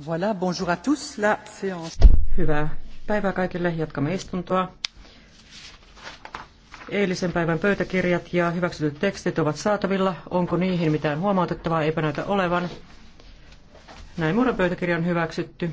Voilà, bonjour à tous, la séance. Hyvää päivää kaikille, jatkamme istuntoa. Eilisen päivän pöytäkirjat ja hyväksytyt tekstit ovat saatavilla. Onko niihin mitään huomautettavaa? Eipä näytä olevan. Näin muodon pöytäkirja on hyväksytty.